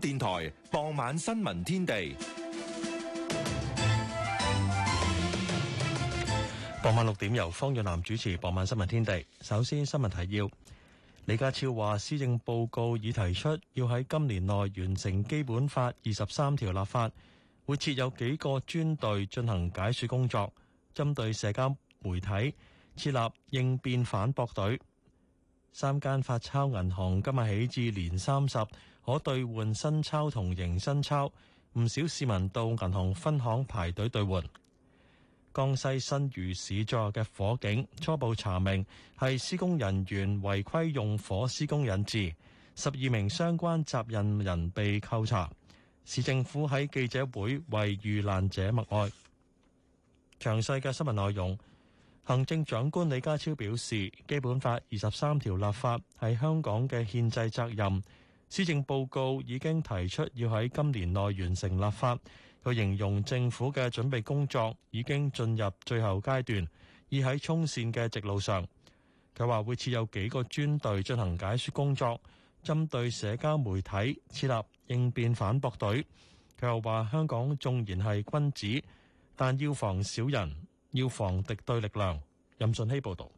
電台傍晚新聞天地。傍晚六點由方若南主持。傍晚新聞天地，首先新聞提要：李家超話，施政報告已提出要喺今年內完成基本法二十三條立法，會設有幾個專隊進行解說工作，針對社交媒體設立應變反駁隊。三間發鈔銀行今日起至年三十，可兌換新鈔同迎新鈔，唔少市民到銀行分行排隊兌換。江西新餘市座嘅火警初步查明係施工人員違規用火施工引致，十二名相關責任人，人被扣查。市政府喺記者會為遇難者默哀。詳細嘅新聞內容，行政長官李家超表示，《基本法》二十三條立法係香港嘅憲制責任。施政報告已經提出要喺今年內完成立法，佢形容政府嘅準備工作已經進入最後階段，已喺衝線嘅直路上，佢話會設有幾個專隊進行解説工作，針對社交媒體設立應變反駁隊。佢又話：香港縱然係君子，但要防小人，要防敵對力量。任順希報導。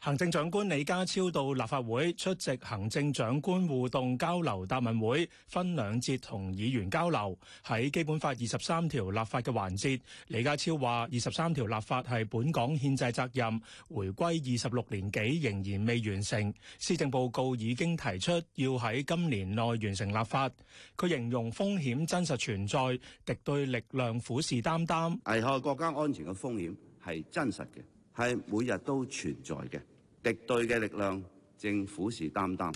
行政長官李家超到立法會出席行政長官互動交流答問會，分兩節同議員交流。喺基本法二十三條立法嘅環節，李家超話二十三條立法係本港憲制責任，回歸二十六年幾仍然未完成。施政報告已經提出要喺今年內完成立法。佢形容風險真實存在，敵對力量虎視眈眈，危害國家安全嘅風險係真實嘅。係每日都存在嘅，敵對嘅力量正虎視眈眈，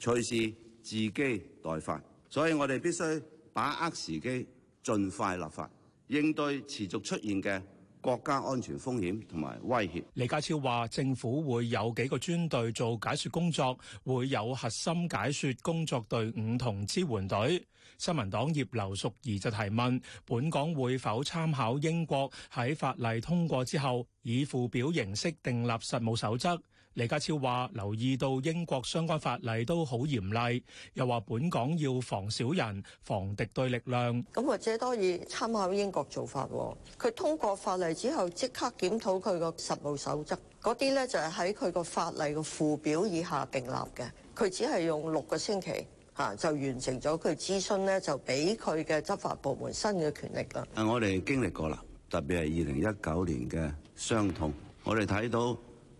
隨時伺機待發，所以我哋必須把握時機，盡快立法應對持續出現嘅國家安全風險同埋威脅。李家超話：政府會有幾個專隊做解説工作，會有核心解説工作隊伍同支援隊。新民黨葉劉淑儀就提問：本港會否參考英國喺法例通過之後，以附表形式訂立實務守則？李家超話留意到英國相關法例都好嚴厲，又話本港要防小人、防敵對力量。咁或者可以參考英國做法，佢通過法例之後即刻檢討佢個實務守則，嗰啲咧就係喺佢個法例個附表以下訂立嘅。佢只係用六個星期吓就完成咗佢諮詢咧，就俾佢嘅執法部門新嘅權力啦。誒、啊，我哋經歷過啦，特別係二零一九年嘅傷痛，我哋睇到。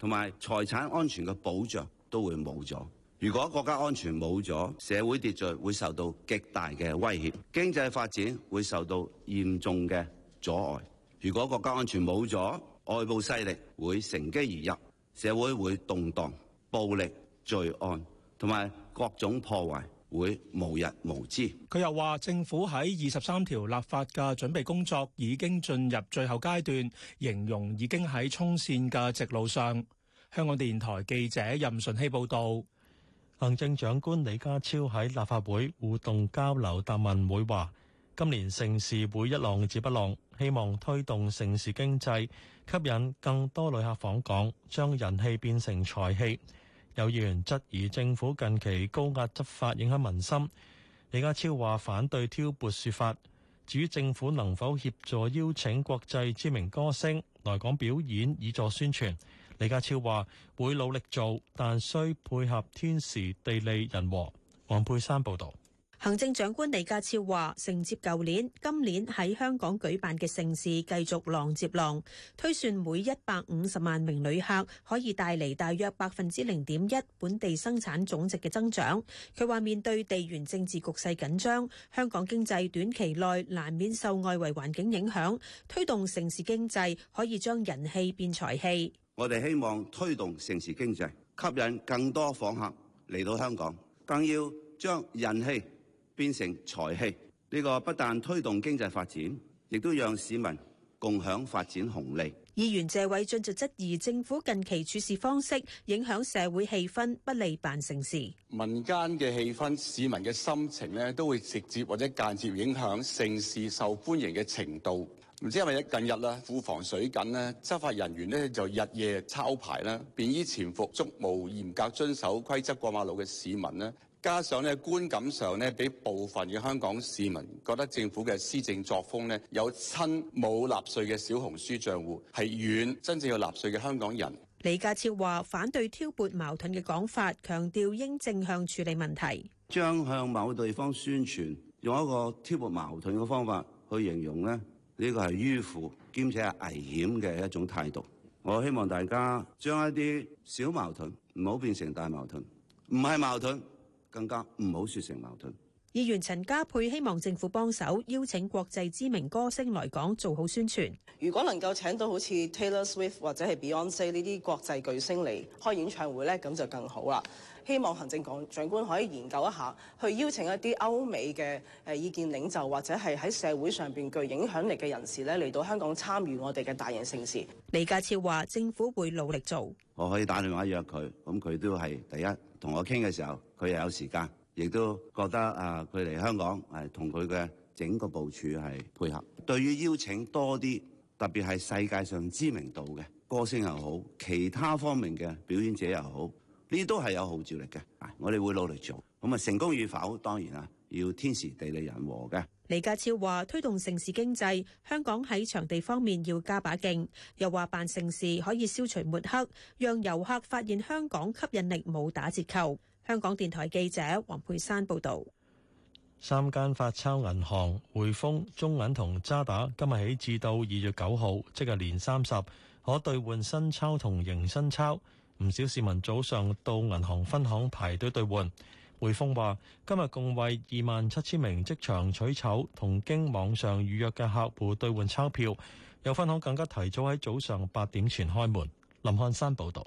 同埋財產安全嘅保障都會冇咗。如果國家安全冇咗，社會秩序會受到極大嘅威脅，經濟發展會受到嚴重嘅阻礙。如果國家安全冇咗，外部勢力會乘機而入，社會會動盪、暴力、罪案，同埋各種破壞，會無日無知。佢又話政府喺二十三條立法嘅準備工作已經進入最後階段，形容已經喺衝綫嘅直路上。香港電台記者任順希報道。行政長官李家超喺立法會互動交流答問會話，今年城市會一浪接一浪，希望推動城市經濟，吸引更多旅客訪港，將人氣變成財氣。有議員質疑政府近期高壓執法影響民心，李家超話反對挑撥説法。至於政府能否協助邀請國際知名歌星來港表演以助宣傳，李家超話會努力做，但需配合天時地利人和。黃佩珊報導。行政長官李家超話：承接舊年，今年喺香港舉辦嘅盛事繼續浪接浪，推算每一百五十萬名旅客可以帶嚟大約百分之零點一本地生產總值嘅增長。佢話：面對地緣政治局勢緊張，香港經濟短期內難免受外圍環境影響，推動城市經濟可以將人氣變財氣。我哋希望推動城市經濟，吸引更多訪客嚟到香港，更要將人氣變成財氣，呢個不但推動經濟發展，亦都讓市民共享發展紅利。議員謝偉俊就質疑政府近期處事方式影響社會氣氛，不利辦盛事。民間嘅氣氛、市民嘅心情咧，都會直接或者間接影響城市受歡迎嘅程度。唔知係咪近日啦，庫房水緊咧，執法人員咧就日夜抄牌啦，便衣潛伏捉唔嚴格遵守規則過馬路嘅市民咧。加上咧觀感上咧，俾部分嘅香港市民覺得政府嘅施政作風咧，有親冇納稅嘅小紅書賬戶係遠真正有納稅嘅香港人。李家超話：反對挑撥矛盾嘅講法，強調應正向處理問題，將向某地方宣傳用一個挑撥矛盾嘅方法去形容咧，呢個係迂腐兼且係危險嘅一種態度。我希望大家將一啲小矛盾唔好變成大矛盾，唔係矛盾。更加唔好説成矛盾。議員陳家珮希望政府幫手，邀請國際知名歌星來港做好宣傳。如果能夠請到好似 Taylor Swift 或者係 Beyoncé 呢啲國際巨星嚟開演唱會咧，咁就更好啦。希望行政長官可以研究一下，去邀請一啲歐美嘅誒意見領袖，或者係喺社會上面具影響力嘅人士咧，嚟到香港參與我哋嘅大型盛事。李家超話：政府會努力做。我可以打電話約佢，咁佢都係第一。同我傾嘅時候，佢又有時間，亦都覺得啊，佢嚟香港係同佢嘅整個部署係配合。對於邀請多啲，特別係世界上知名度嘅歌星又好，其他方面嘅表演者又好，呢啲都係有號召力嘅。我哋會努力做，咁啊成功與否當然啦。要天時地利人和嘅。李家超話推動城市經濟，香港喺場地方面要加把勁。又話辦城市可以消除抹黑，讓遊客發現香港吸引力冇打折扣。香港電台記者黃佩珊報導。三間發鈔銀行匯豐、中銀同渣打今日起至到二月九號，即係年三十，可兌換新鈔同迎新鈔。唔少市民早上到銀行分行排隊兌換。匯豐話，今日共為二萬七千名職場取籌同經網上預約嘅客戶兌換鈔票，有分行更加提早喺早上八點前開門。林漢山報道。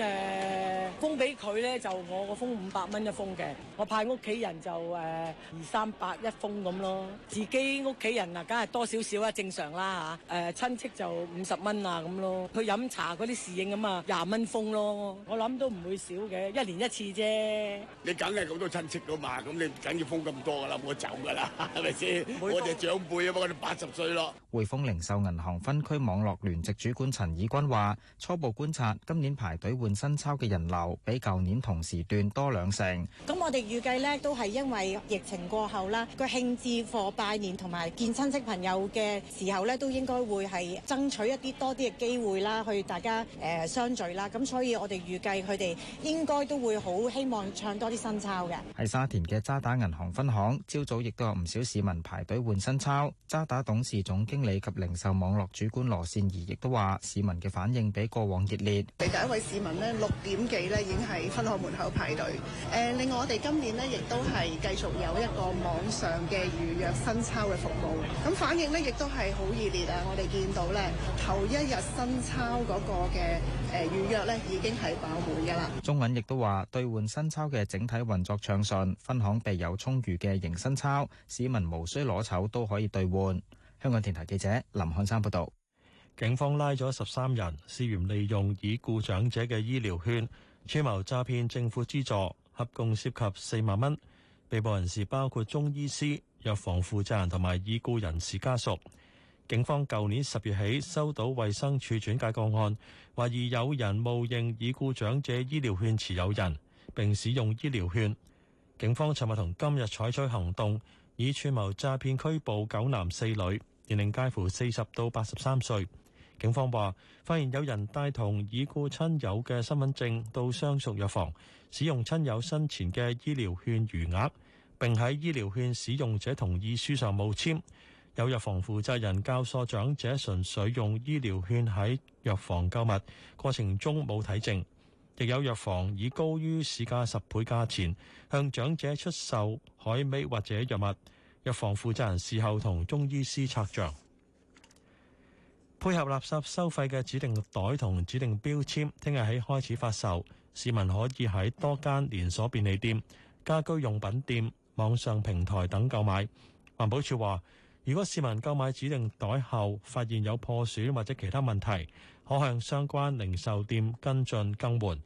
誒、呃，封俾佢咧就我個封五百蚊一封嘅，我派屋企人就誒、呃、二三百一封咁咯，自己屋企人啊，梗係多少少啊，正常啦吓。誒、呃，親戚就五十蚊啊咁咯，去飲茶嗰啲侍應咁啊，廿蚊封咯，我諗都唔會少嘅，一年一次啫。你梗係好多親戚噶嘛，咁你唔緊要封咁多噶啦，冇得走噶啦，係咪先？我哋每封 長輩啊，嘛，我哋八十歲啦。匯豐零售銀行分區網絡聯席主管陳以軍話：初步觀察，今年排隊換新鈔嘅人流比舊年同時段多兩成，咁我哋預計呢都係因為疫情過後啦，個慶字賀拜年同埋見親戚朋友嘅時候呢，都應該會係爭取一啲多啲嘅機會啦，去大家誒相聚啦，咁所以我哋預計佢哋應該都會好希望唱多啲新鈔嘅。喺沙田嘅渣打銀行分行，朝早亦都有唔少市民排隊換新鈔。渣打董事總經理及零售網絡主管羅善儀亦都話，市民嘅反應比過往熱烈。嚟第一位市民，咧六點幾咧已經係分行門口排隊。誒，另外我哋今年咧亦都係繼續有一個網上嘅預約新鈔嘅服務。咁反應咧亦都係好熱烈啊！我哋見到咧頭一日新鈔嗰個嘅誒預約咧已經係爆滿㗎啦。中銀亦都話：兌換新鈔嘅整體運作暢順，分行備有充裕嘅迎新鈔，市民無需攞籌都可以兌換。香港電台記者林漢山報導。警方拉咗十三人涉嫌利用已故長者嘅醫療券，串謀詐騙政府資助，合共涉及四萬蚊。被捕人士包括中醫師、藥房負責人同埋已故人士家屬。警方舊年十月起收到衛生署轉介個案，懷疑有人冒認已故長者醫療券持有人，並使用醫療券。警方尋日同今日採取行動，以串謀詐騙拘捕九男四女。年齡介乎四十到八十三歲，警方話發現有人帶同已故親友嘅身份證到相熟藥房，使用親友生前嘅醫療券餘額，並喺醫療券使用者同意書上冒簽。有藥房負責人教唆長者純粹用醫療券喺藥房購物，過程中冇睇證，亦有藥房以高於市價十倍價錢向長者出售海味或者藥物。一房負責人事後同中醫師策象，配合垃圾收費嘅指定袋同指定標籤，聽日起開始發售。市民可以喺多間連鎖便利店、家居用品店、網上平台等購買。環保署話，如果市民購買指定袋後發現有破損或者其他問題，可向相關零售店跟進更換。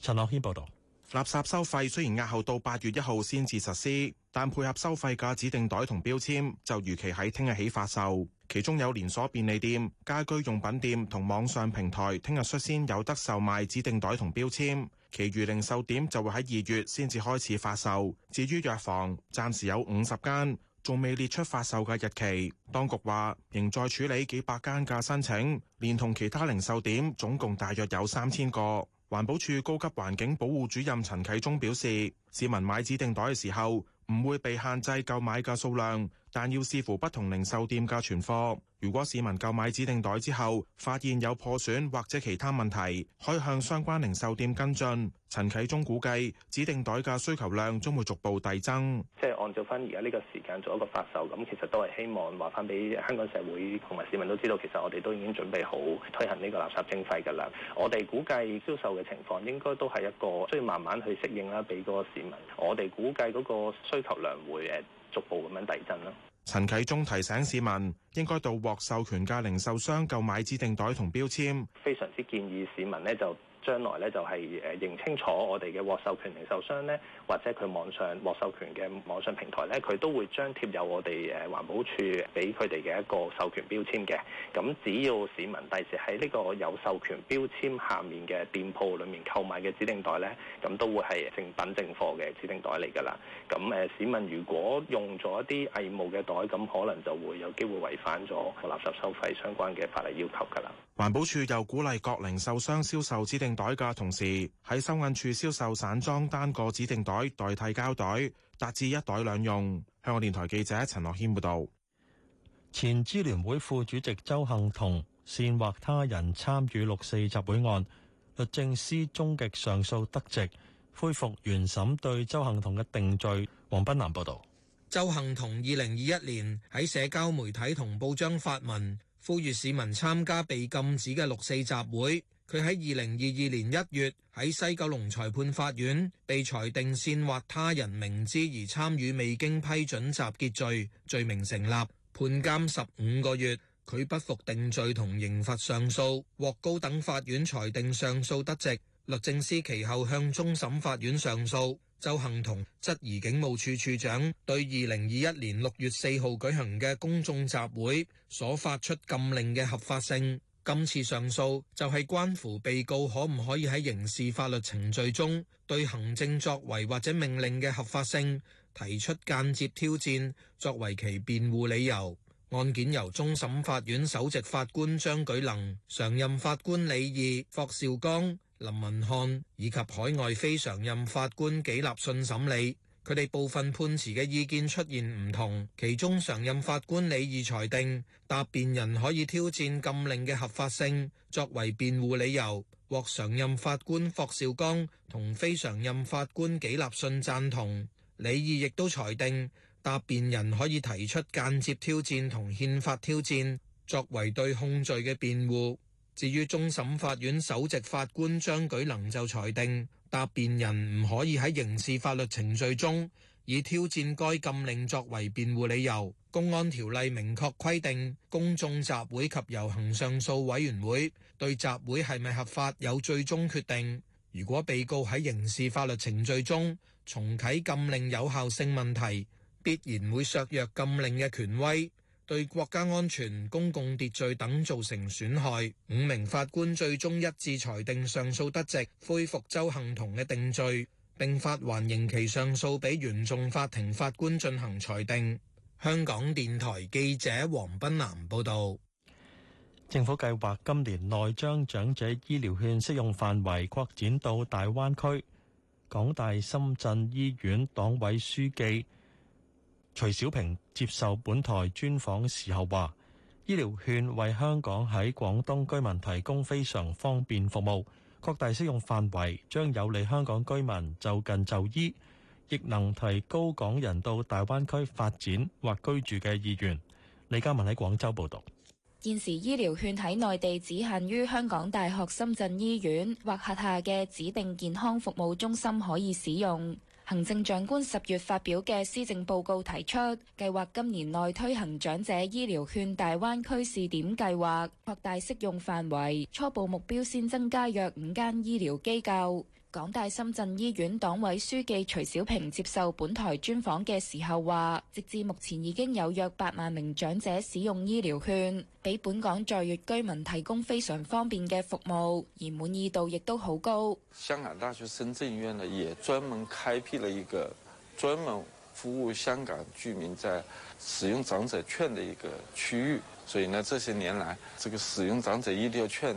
陳樂軒報道。垃圾收費雖然押後到八月一號先至實施，但配合收費嘅指定袋同標籤就如期喺聽日起發售。其中有連鎖便利店、家居用品店同網上平台聽日率先有得售賣指定袋同標籤，其餘零售點就會喺二月先至開始發售。至於藥房，暫時有五十間，仲未列出發售嘅日期。當局話仍在處理幾百間嘅申請，連同其他零售點，總共大約有三千個。環保署高級環境保護主任陳啟忠表示，市民買指定袋嘅時候，唔會被限制購買嘅數量，但要視乎不同零售店嘅存貨。如果市民購買指定袋之後，發現有破損或者其他問題，可以向相關零售店跟進。陳啟中估計，指定袋嘅需求量將會逐步遞增。即係按照翻而家呢個時間做一個發售，咁其實都係希望話翻俾香港社會同埋市民都知道，其實我哋都已經準備好推行呢個垃圾徵費㗎啦。我哋估計銷售嘅情況應該都係一個需要慢慢去適應啦，俾嗰個市民。我哋估計嗰個需求量會誒逐步咁樣遞增囉。陳啟宗提醒市民，應該到獲授權嘅零售商購買指定袋同標籤，非常之建議市民呢就。將來咧就係誒認清楚我哋嘅獲授權零售商咧，或者佢網上獲授權嘅網上平台咧，佢都會張貼有我哋誒環保署俾佢哋嘅一個授權標籤嘅。咁只要市民第時喺呢個有授權標籤下面嘅店鋪裡面購買嘅指定袋咧，咁都會係正品正貨嘅指定袋嚟㗎啦。咁誒市民如果用咗一啲偽冒嘅袋，咁可能就會有機會違反咗垃圾收費相關嘅法例要求㗎啦。環保署又鼓勵各零售商銷售指定袋嘅同時喺收銀處銷售散裝單個指定袋代替膠袋，達至一袋兩用。香港電台記者陳樂謙報道。前支聯會副主席周幸彤煽惑他人參與六四集會案，律政司終極上訴得直，恢復原審對周幸彤嘅定罪。黃斌南報道。周幸彤二零二一年喺社交媒體同報章發文，呼籲市民參加被禁止嘅六四集會。佢喺二零二二年一月喺西九龍裁判法院被裁定煽惑他人明知而參與未經批准集結罪，罪名成立，判監十五個月。佢不服定罪同刑罰上訴，獲高等法院裁定上訴得直。律政司其後向終審法院上訴，周行同質疑警務處處長對二零二一年六月四號舉行嘅公眾集會所發出禁令嘅合法性。今次上訴就係、是、關乎被告可唔可以喺刑事法律程序中對行政作為或者命令嘅合法性提出間接挑戰，作為其辯護理由。案件由終審法院首席法官張舉能、常任法官李義、霍兆剛、林文瀚以及海外非常任法官紀立信審理。佢哋部分判詞嘅意見出現唔同，其中常任法官李義裁定，答辯人可以挑戰禁令嘅合法性作為辯護理由，獲常任法官霍兆剛同非常任法官紀立信贊同。李義亦都裁定，答辯人可以提出間接挑戰同憲法挑戰作為對控罪嘅辯護。至於終審法院首席法官張舉能就裁定，答辯人唔可以喺刑事法律程序中以挑戰該禁令作為辯護理由。公安條例明確規定，公眾集會及遊行上訴委員會對集會係咪合法有最終決定。如果被告喺刑事法律程序中重啟禁令有效性問題，必然會削弱禁令嘅權威。對國家安全、公共秩序等造成損害，五名法官最終一致裁定上訴得直，恢復鄒幸彤嘅定罪，並發還刑期上訴俾原訟法庭法官進行裁定。香港電台記者黃斌南報道。政府計劃今年內將長者醫療券適用範圍擴展到大灣區。港大深圳醫院黨委書記。徐小平接受本台專訪時候話，醫療券為香港喺廣東居民提供非常方便服務，擴大適用範圍將有利香港居民就近就醫，亦能提高港人到大灣區發展或居住嘅意願。李嘉文喺廣州報道。現時醫療券喺內地只限於香港大學深圳醫院或轄下嘅指定健康服務中心可以使用。行政長官十月發表嘅施政報告提出，計劃今年內推行長者醫療券大灣區試點計劃，擴大適用範圍，初步目標先增加約五間醫療機構。港大深圳醫院黨委書記徐小平接受本台專訪嘅時候話，直至目前已經有約八萬名長者使用醫療券，俾本港在粵居民提供非常方便嘅服務，而滿意度亦都好高。香港大學深圳醫院呢，也專門開闢了一個專門服務香港居民在使用長者券的一個區域，所以呢，這些年來，這個使用長者醫療券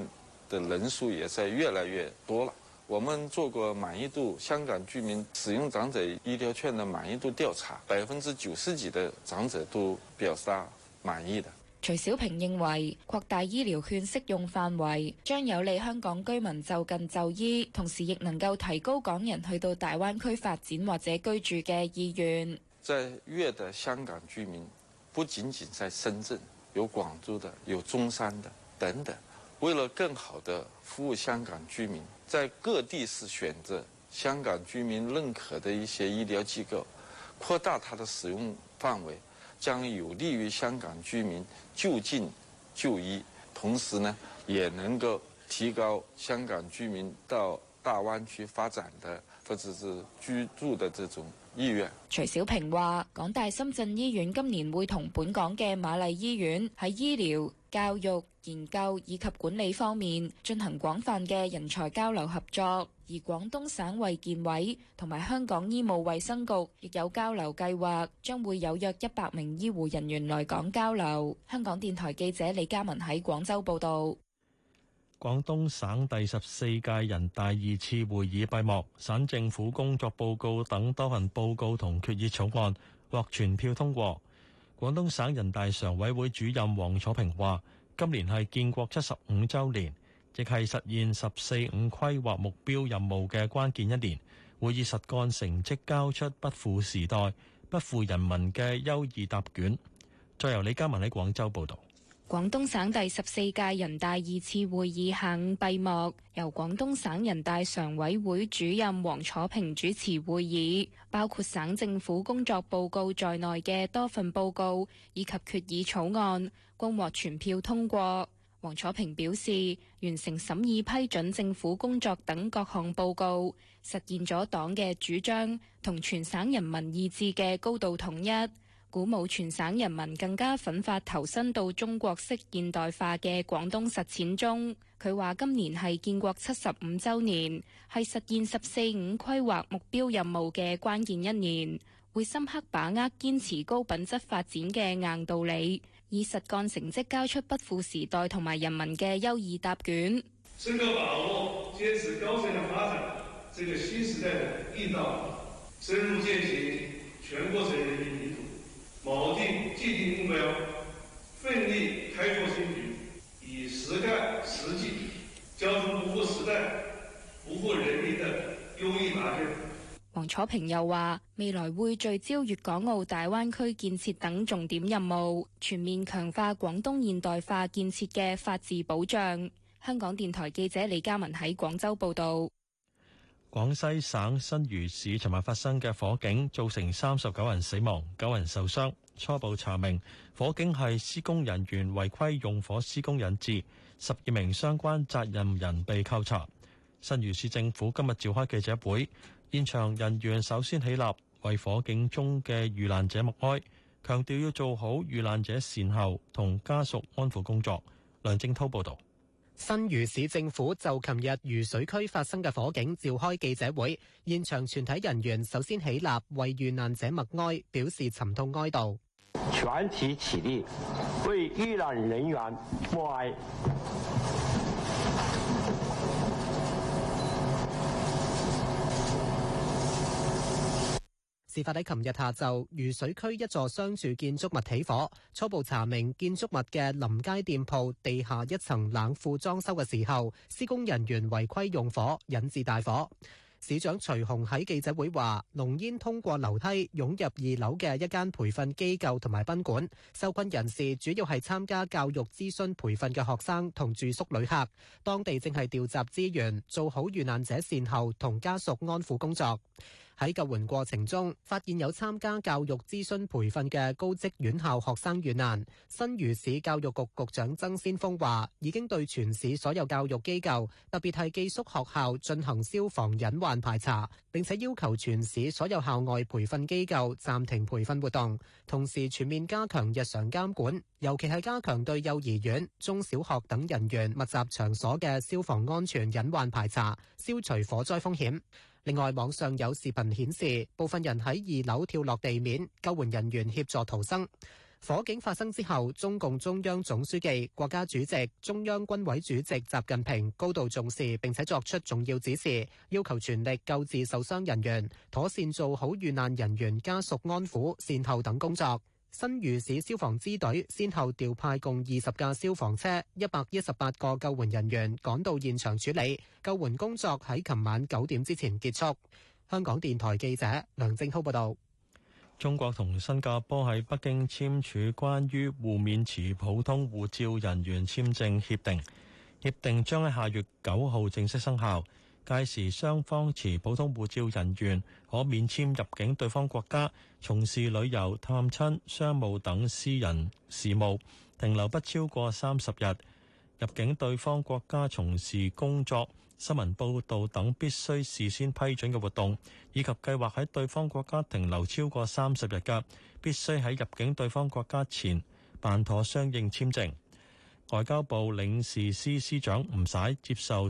的人數也在越來越多了。我們做過滿意度，香港居民使用長者醫療券的滿意度調查，百分之九十幾的長者都表示啊滿意的。徐小平認為，擴大醫療券適用範圍，將有利香港居民就近就醫，同時亦能夠提高港人去到大灣區發展或者居住嘅意願。在粵的香港居民，不僅僅在深圳，有廣州的，有中山的等等，為了更好地服務香港居民。在各地市選擇香港居民認可的一些醫療機構，擴大它的使用範圍，將有利於香港居民就近就醫，同時呢，也能夠提高香港居民到大灣區發展的或者是居住的這種意願。徐小平話：港大深圳醫院今年會同本港嘅瑪麗醫院喺醫療教育，研究、以及管理方面進行廣泛嘅人才交流合作，而廣東省衛健委同埋香港醫務衛生局亦有交流計劃，將會有約一百名醫護人員來港交流。香港電台記者李嘉文喺廣州報道。廣東省第十四屆人大二次會議閉幕，省政府工作報告等多份報告同決議草案獲全票通過。廣東省人大常委會主任王楚平話。今年係建國七十五週年，亦係實現十四五規劃目標任務嘅關鍵一年。會以實幹成績交出不負時代、不負人民嘅優異答卷。再由李嘉文喺廣州報道。廣東省第十四屆人大二次會議下午閉幕，由廣東省人大常委會主任黃楚平主持會議，包括省政府工作報告在內嘅多份報告以及決議草案均獲全票通過。黃楚平表示，完成審議批准政府工作等各項報告，實現咗黨嘅主張同全省人民意志嘅高度統一。鼓舞全省人民更加奮發投身到中國式現代化嘅廣東實踐中。佢話，今年係建國七十五周年，係實現十四五規劃目標任務嘅關鍵一年，會深刻把握堅持高品質發展嘅硬道理，以實幹成績交出不負時代同埋人民嘅優異答卷。錨定既定目標，奮力開拓新局，以實幹實績，交出不負時代、不負人民的優異答卷。王楚平又話，未來會聚焦粵港澳大灣區建設等重點任務，全面強化廣東現代化建設嘅法治保障。香港電台記者李嘉文喺廣州報道。江西省新余市尋日發生嘅火警，造成三十九人死亡、九人受傷。初步查明，火警係施工人員違規用火施工引致。十二名相關責任人被扣查。新余市政府今日召開記者會，現場人員首先起立為火警中嘅遇難者默哀，強調要做好遇難者善後同家屬安撫工作。梁正濤報道。新余市政府就琴日渝水區發生嘅火警召開記者會，現場全體人員首先起立為遇難者默哀，表示沉痛哀悼。全體起立，為遇難人員默哀。事發喺琴日下晝，渝水區一座商住建築物起火。初步查明，建築物嘅臨街店鋪地下一層冷庫裝修嘅時候，施工人員違規用火，引致大火。市長徐鴻喺記者會話，濃煙通過樓梯湧入二樓嘅一間培訓機構同埋賓館，受困人士主要係參加教育諮詢培訓嘅學生同住宿旅客。當地正係調集資源，做好遇難者善後同家屬安撫工作。喺救援過程中，發現有參加教育諮詢培訓嘅高職院校學生遇難。新余市教育局局長曾先鋒話：已經對全市所有教育機構，特別係寄宿學校進行消防隱患排查，並且要求全市所有校外培訓機構暫停培訓活動，同時全面加強日常監管，尤其係加強對幼兒園、中小學等人員密集場所嘅消防安全隱患排查，消除火災風險。另外，網上有視頻顯示，部分人喺二樓跳落地面，救援人員協助逃生。火警發生之後，中共中央總書記、國家主席、中央軍委主席習近平高度重視，並且作出重要指示，要求全力救治受傷人員，妥善做好遇難人員家屬安撫、善後等工作。新余市消防支隊先後調派共二十架消防車、一百一十八個救援人員趕到現場處理，救援工作喺琴晚九點之前結束。香港電台記者梁正濤報道。中國同新加坡喺北京簽署關於互免持普通護照人員簽證協定，協定將喺下月九號正式生效。屆時，雙方持普通護照人員可免簽入境對方國家，從事旅遊、探親、商務等私人事務，停留不超過三十日；入境對方國家從事工作、新聞報導等必須事先批准嘅活動，以及計劃喺對方國家停留超過三十日嘅，必須喺入境對方國家前辦妥相應簽證。外交部領事司司長吳璽接受。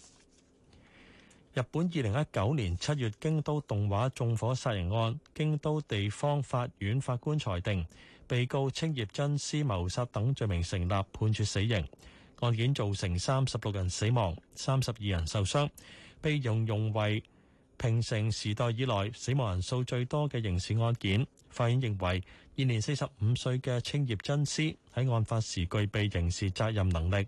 日本2019年7月京都動畫縱火殺人案，京都地方法院法官裁定被告青葉真司謀殺等罪名成立，判處死刑。案件造成36人死亡32人受傷，被用用為平成時代以來死亡人數最多嘅刑事案件。法院認為現年45歲嘅青葉真司喺案發時具備刑事責任能力。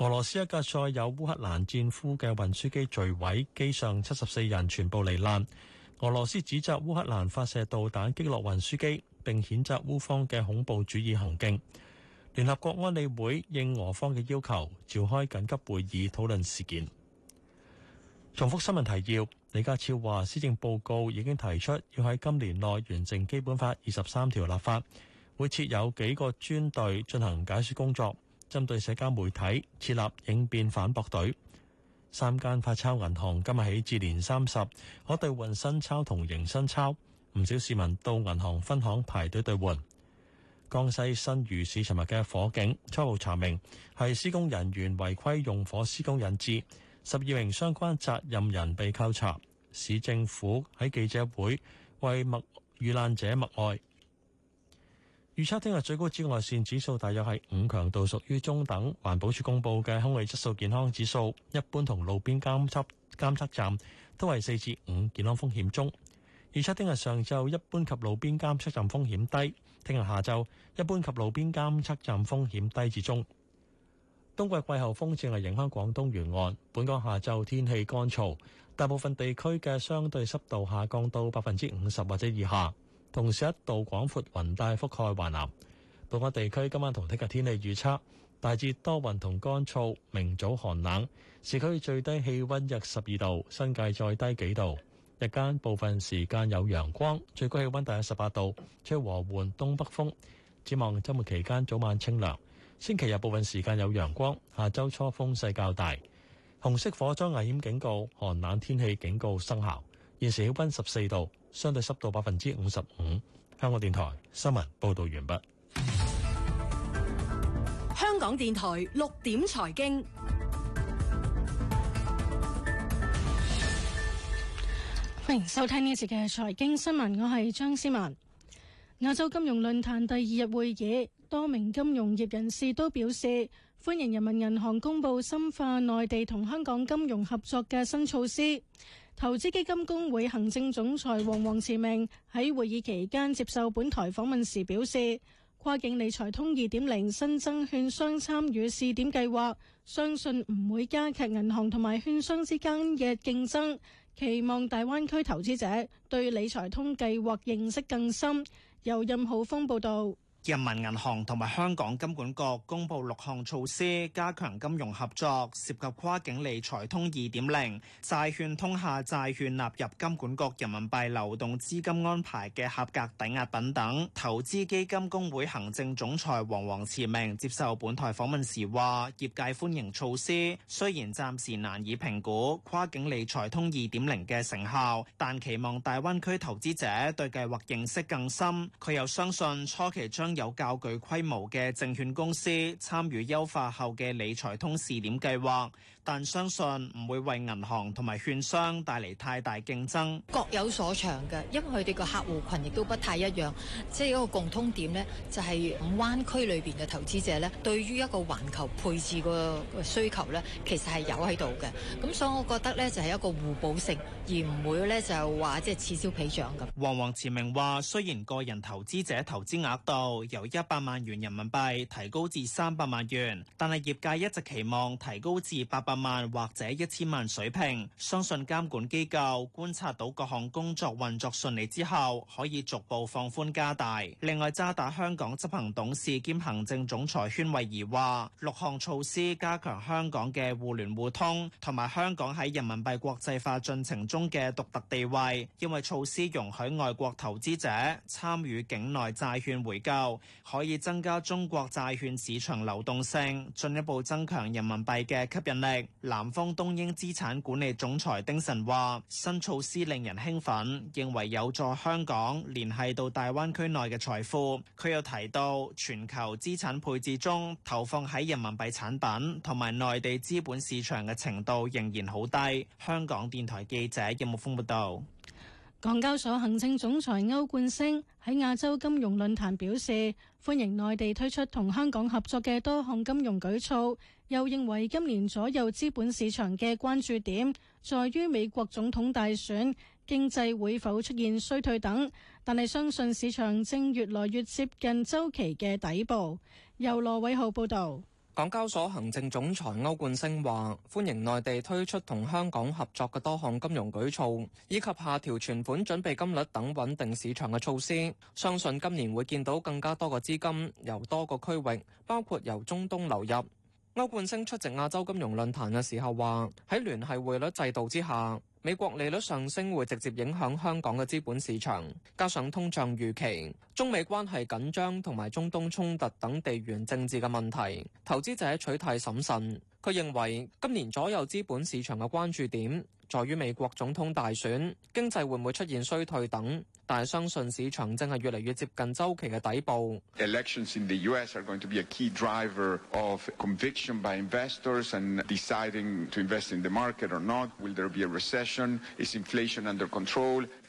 俄羅斯一架載有烏克蘭戰俘嘅運輸機墜毀，機上七十四人全部罹難。俄羅斯指責烏克蘭發射導彈擊落運輸機，並譴責烏方嘅恐怖主義行徑。聯合國安理會應俄方嘅要求，召開緊急會議討論事件。重複新聞提要：李家超話，施政報告已經提出要喺今年內完成基本法二十三條立法，會設有幾個專隊進行解說工作。針對社交媒體設立應變反駁隊。三間發鈔銀行今日起至年三十可兌換新鈔同迎新鈔。唔少市民到銀行分行排隊兌換。江西新余市尋日嘅火警初步查明係施工人員違規用火施工引致，十二名相關責任人被扣查。市政府喺記者會為默遇難者默哀。預測聽日最高紫外線指數大約係五強度，屬於中等。環保署公布嘅空氣質素健康指數，一般同路邊監測監測站都係四至五，健康風險中。預測聽日上晝一般及路邊監測站風險低，聽日下晝一般及路邊監測站風險低至中。冬季季候風正係影響廣東沿岸，本港下晝天氣乾燥，大部分地區嘅相對濕度下降到百分之五十或者以下。同時一道廣闊雲帶覆蓋華南，部分地區今晚同聽日天氣預測大致多雲同乾燥，明早寒冷，市區最低氣溫約十二度，新界再低幾度。日間部分時間有陽光，最高氣溫大約十八度，吹和緩東北風，展望周末期間早晚清涼，星期日部分時間有陽光，下周初風勢較大。紅色火災危險警告、寒冷天氣警告生效。現時氣溫十四度。相對濕度百分之五十五。香港電台新聞報道完畢。香港電台六點財經，歡迎收聽呢次嘅財經新聞，我係張思文。亞洲金融論壇第二日會議，多名金融業人士都表示歡迎人民銀行公布深化內地同香港金融合作嘅新措施。投資基金公會行政總裁黃王慈明喺會議期間接受本台訪問時表示，跨境理財通2.0新增券商參與試點計劃，相信唔會加劇銀行同埋券商之間嘅競爭，期望大灣區投資者對理財通計劃認識更深。由任浩峰報道。人民銀行同埋香港金管局公布六項措施，加強金融合作，涉及跨境理財通二點零、債券通下債券納入金管局人民幣流動資金安排嘅合格抵押品等等。投資基金公會行政總裁黃王慈明接受本台訪問時話：業界歡迎措施，雖然暫時難以評估跨境理財通二點零嘅成效，但期望大灣區投資者對計劃認識更深。佢又相信初期將有較具規模嘅證券公司參與優化後嘅理財通試點計劃。但相信唔會為銀行同埋券商帶嚟太大競爭，各有所長嘅，因為佢哋個客戶群亦都不太一樣，即係一個共通點咧，就係五灣區裏邊嘅投資者咧，對於一個環球配置個需求咧，其實係有喺度嘅。咁所以，我覺得咧就係一個互補性，而唔會咧就話即係此消彼長，咁。旺旺前明話雖然個人投資者投資額度由一百萬元人民幣提高至三百萬元，但係業界一直期望提高至八百。萬或者一千萬水平，相信監管機構觀察到各項工作運作順利之後，可以逐步放寬加大。另外，渣打香港執行董事兼行政總裁禤惠儀話，六項措施加強香港嘅互聯互通，同埋香港喺人民幣國際化進程中嘅獨特地位，因為措施容許外國投資者參與境內債券回購，可以增加中國債券市場流動性，進一步增強人民幣嘅吸引力。南方東英資產管理總裁丁晨話：新措施令人興奮，認為有助香港聯繫到大灣區內嘅財富。佢又提到，全球資產配置中投放喺人民幣產品同埋內地資本市場嘅程度仍然好低。香港電台記者任木峰報道。港交所行政總裁歐冠昇喺亞洲金融論壇表示。歡迎內地推出同香港合作嘅多項金融舉措，又認為今年左右資本市場嘅關注點在於美國總統大選、經濟會否出現衰退等，但係相信市場正越來越接近周期嘅底部。由羅偉浩報道。港交所行政總裁歐冠陞話：歡迎內地推出同香港合作嘅多項金融舉措，以及下調存款準備金率等穩定市場嘅措施。相信今年會見到更加多嘅資金由多個區域，包括由中東流入。歐冠陞出席亞洲金融論壇嘅時候話：喺聯繫匯率制度之下。美國利率上升會直接影響香港嘅資本市場，加上通脹預期、中美關係緊張同埋中東衝突等地緣政治嘅問題，投資者取態審慎。佢認為今年左右資本市場嘅關注點。在於美國總統大選、經濟會唔會出現衰退等，但係相信市場正係越嚟越接近週期嘅底部。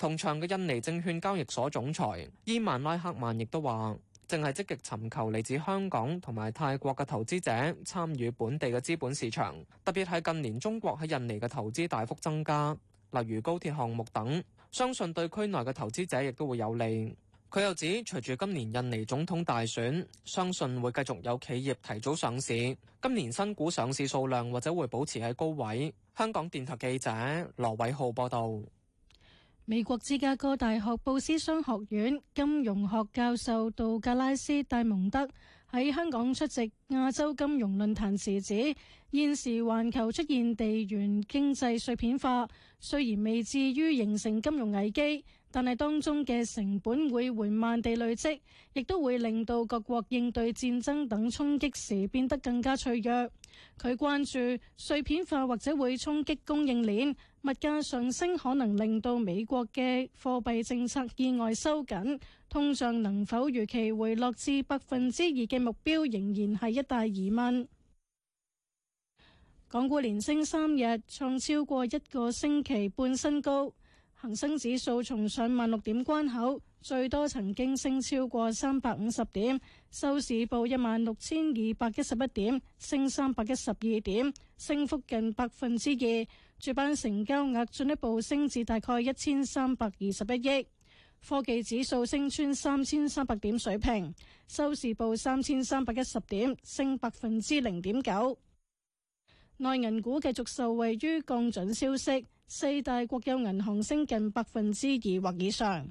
同場嘅印尼證券交易所總裁伊曼拉克曼亦都話，正係積極尋求嚟自香港同埋泰國嘅投資者參與本地嘅資本市場，特別係近年中國喺印尼嘅投資大幅增加，例如高鐵項目等，相信對區內嘅投資者亦都會有利。佢又指，隨住今年印尼總統大選，相信會繼續有企業提早上市，今年新股上市數量或者會保持喺高位。香港電台記者羅偉浩報道。美國芝加哥大學布斯商學院金融學教授杜格拉斯戴蒙德喺香港出席亞洲金融論壇時指，現時環球出現地緣經濟碎片化，雖然未至於形成金融危機，但係當中嘅成本會緩慢地累積，亦都會令到各國應對戰爭等衝擊時變得更加脆弱。佢關注碎片化或者會衝擊供應鏈。物價上升，可能令到美國嘅貨幣政策意外收緊，通脹能否如期回落至百分之二嘅目標，仍然係一大疑問。港股連升三日，創超過一個星期半新高，恒生指數從上萬六點關口最多曾經升超過三百五十點，收市報一萬六千二百一十一點，升三百一十二點，升幅近百分之二。主板成交額進一步升至大概一千三百二十一億，科技指數升穿三千三百點水平，收市報三千三百一十點，升百分之零點九。內銀股繼續受惠於降準消息，四大國有銀行升近百分之二或以上。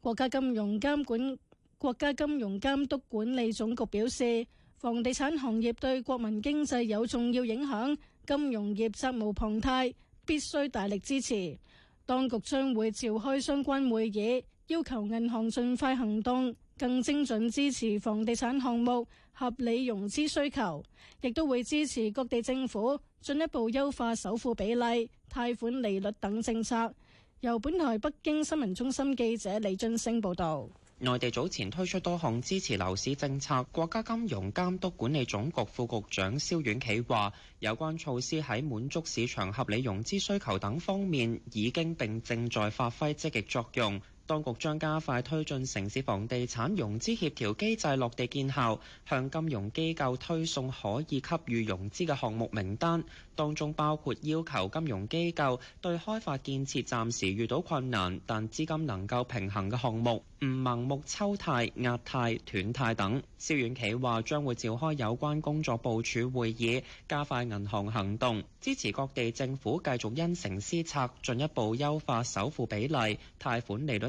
國家金融監管，國家金融監督管理總局表示。房地產行業對國民經濟有重要影響，金融業責無旁貸，必須大力支持。當局將會召開相關會議，要求銀行盡快行動，更精準支持房地產項目合理融資需求，亦都會支持各地政府進一步優化首付比例、貸款利率等政策。由本台北京新聞中心記者李津升報道。內地早前推出多項支持樓市政策，國家金融監督管理總局副局長肖遠企話：有關措施喺滿足市場合理融資需求等方面已經並正在發揮積極作用。當局將加快推進城市房地產融資協調機制落地見效，向金融機構推送可以給予融資嘅項目名單，當中包括要求金融機構對開發建設暫時遇到困難但資金能夠平衡嘅項目，唔盲目抽貸、壓貸、斷貸等。肖遠企話將會召開有關工作部署會議，加快銀行行動，支持各地政府繼續因城施策，進一步優化首付比例、貸款利率。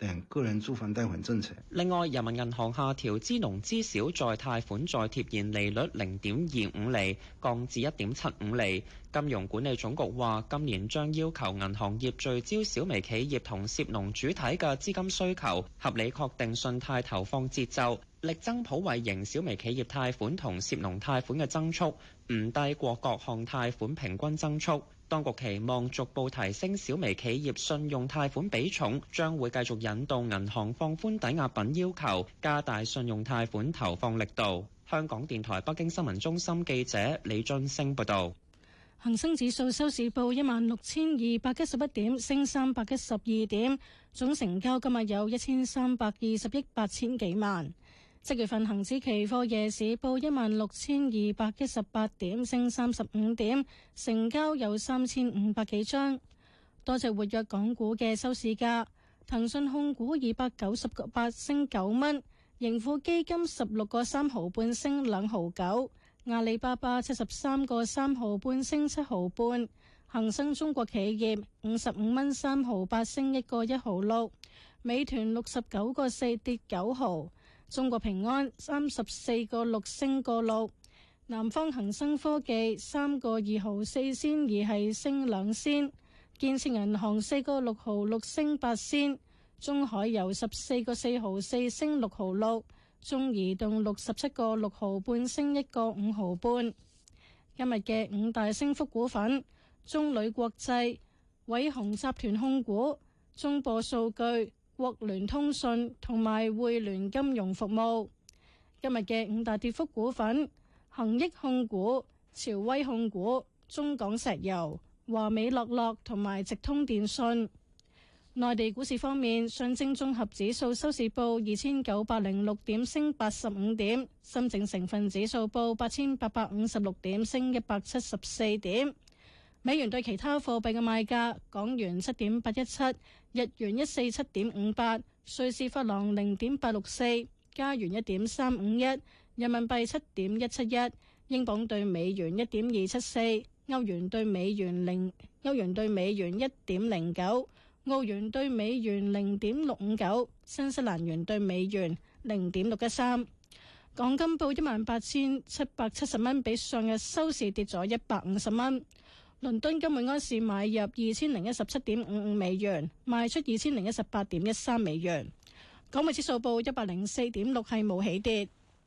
等個人住房貸款政策。另外，人民銀行下調支農支小再貸款再貼現利率零點二五厘，降至一點七五厘。金融管理總局話，今年將要求銀行業聚焦小微企業同涉農主體嘅資金需求，合理確定信貸投放節奏，力爭普惠型小微企業貸款同涉農貸款嘅增速，唔低過各項貸款平均增速。當局期望逐步提升小微企業信用貸款比重，將會繼續引導銀行放寬抵押品要求，加大信用貸款投放力度。香港電台北京新聞中心記者李津星報道。恒生指數收市報一萬六千二百一十一點，升三百一十二點，總成交今日有一千三百二十億八千幾萬。七月份恒指期貨夜市報一萬六千二百一十八點，升三十五點，成交有三千五百幾張，多隻活躍港股嘅收市價：騰訊控股二百九十八升九蚊，盈富基金十六個三毫半升兩毫九，阿里巴巴七十三個三毫半升七毫半，恒生中國企業五十五蚊三毫八升一個一毫六，美團六十九個四跌九毫。中國平安三十四個六升個六，南方恒生科技三個二毫四仙而係升兩仙；建設銀行四個六毫六升八仙；中海油十四個四毫四升六毫六，中移動六十七個六毫半升一個五毫半。今日嘅五大升幅股份：中鋁國際、偉鴻集團控股、中博數據、國聯通訊同埋匯聯金融服務。今日嘅五大跌幅股份：恒益控股、潮威控股、中港石油、華美樂樂同埋直通電信。內地股市方面，上證綜合指數收市報二千九百零六點，升八十五點；深證成分指數報八千八百五十六點，升一百七十四點。美元對其他貨幣嘅賣價：港元七點八一七，日元一四七點五八，瑞士法郎零點八六四，加元一點三五一，人民幣七點一七一，英鎊對美元一點二七四，歐元對美元零，歐元對美元一點零九，澳元對美元零點六五九，新西蘭元對美元零點六一三。港金報一萬八千七百七十蚊，比上日收市跌咗一百五十蚊。倫敦金每安士買入二千零一十七點五五美元，賣出二千零一十八點一三美元。港匯指數報一百零四點六，係無起跌。